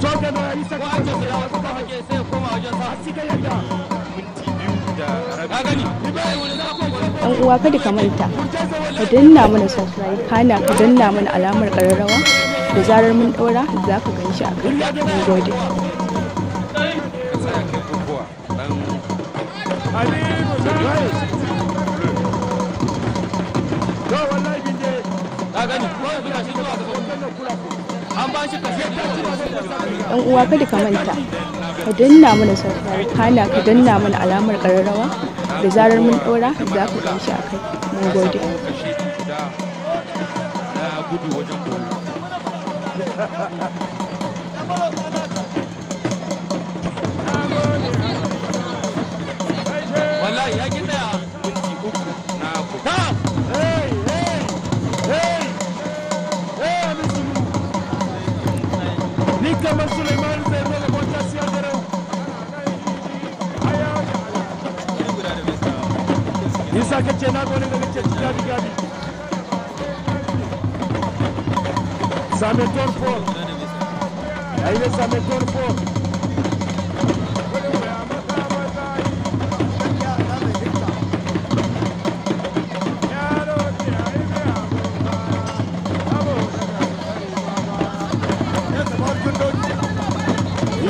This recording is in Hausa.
Jordan koma uwa kada ka manta ka danna mana subscribe hana ka danna mana alamar ƙararrawa da zarar mun daura za ka gan shi a kan gode ka gani Ɗan uwa kada ka manta ka danna mana subscribe kana ka danna mana alamar ƙararrawa da zarar mun ɗora za ka ganshi a kai mun gode. Wallahi ya Mică mă Suleiman, de rolă, contația de rău. Isa că ce n-a gole de ce Gabi Gabi. Sametor Pol. Aici Sametor Pol.